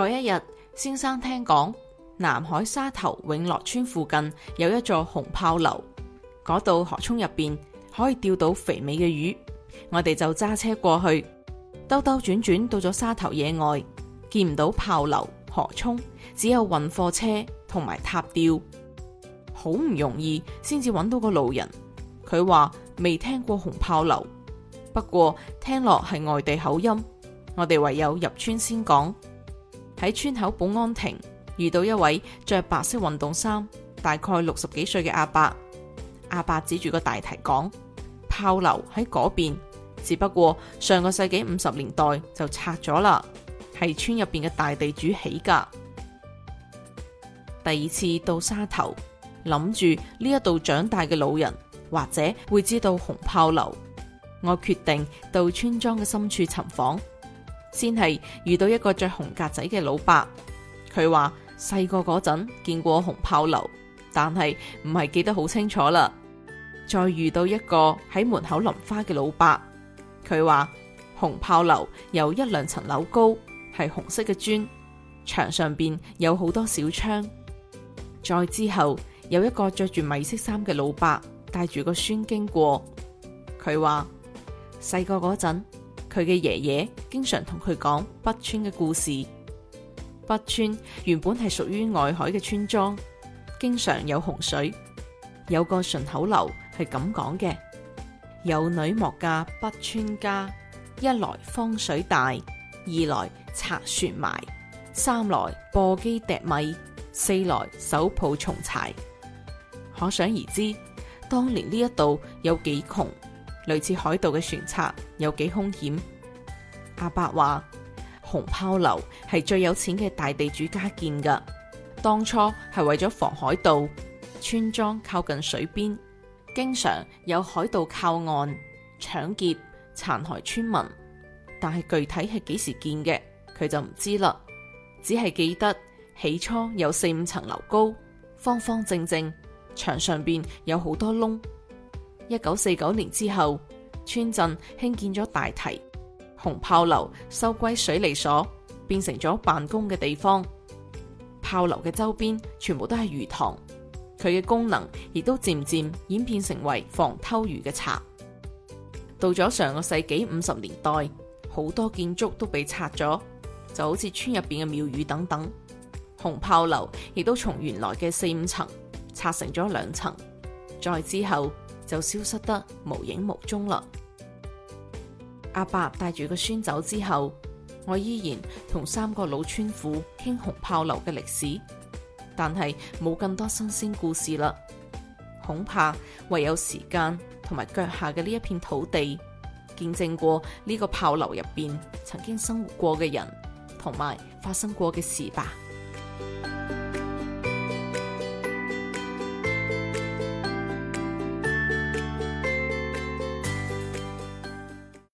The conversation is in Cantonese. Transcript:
嗰一日，先生聽講南海沙頭永樂村附近有一座紅炮樓，嗰度 河涌入邊可以釣到肥美嘅魚。我哋就揸車過去，兜兜轉轉到咗沙頭野外，見唔到炮樓河涌，只有運貨車同埋塔吊。好唔容易先至揾到個路人，佢話未聽過紅炮樓，不過聽落係外地口音。我哋唯有入村先講。喺村口保安亭遇到一位着白色運動衫、大概六十幾歲嘅阿伯。阿伯指住個大堤講：炮樓喺嗰邊，只不過上個世紀五十年代就拆咗啦，係村入邊嘅大地主起噶。第二次到沙頭，諗住呢一度長大嘅老人或者會知道紅炮樓，我決定到村莊嘅深處尋訪。先係遇到一個着紅格仔嘅老伯，佢話細個嗰陣見過紅炮樓，但係唔係記得好清楚啦。再遇到一個喺門口淋花嘅老伯，佢話紅炮樓有一兩層樓高，係紅色嘅磚，牆上邊有好多小窗。再之後有一個着住米色衫嘅老伯帶住個孫經過，佢話細個嗰陣。佢嘅爺爺經常同佢講北村嘅故事。北村原本係屬於外海嘅村莊，經常有洪水。有個順口溜，係咁講嘅：有女莫嫁北村家，一來慌水大，二來賊船埋，三來簸箕糴米，四來手抱松柴。可想而知，當年呢一度有幾窮。類似海盜嘅船賊有幾凶險？阿伯話：紅炮樓係最有錢嘅大地主家建噶，當初係為咗防海盜。村莊靠近水邊，經常有海盜靠岸搶劫殘害村民。但係具體係幾時建嘅，佢就唔知啦。只係記得起初有四五層樓高，方方正正，牆上邊有好多窿。一九四九年之後，村鎮興建咗大堤，紅炮樓收歸水利所，變成咗辦公嘅地方。炮樓嘅周邊全部都係魚塘，佢嘅功能亦都漸漸演變成為防偷魚嘅賊。到咗上個世紀五十年代，好多建築都被拆咗，就好似村入邊嘅廟宇等等。紅炮樓亦都從原來嘅四五層拆成咗兩層，再之後。就消失得無影無蹤啦。阿伯帶住個孫走之後，我依然同三個老村婦傾紅炮樓嘅歷史，但係冇更多新鮮故事啦。恐怕唯有時間同埋腳下嘅呢一片土地，見證過呢個炮樓入邊曾經生活過嘅人同埋發生過嘅事吧。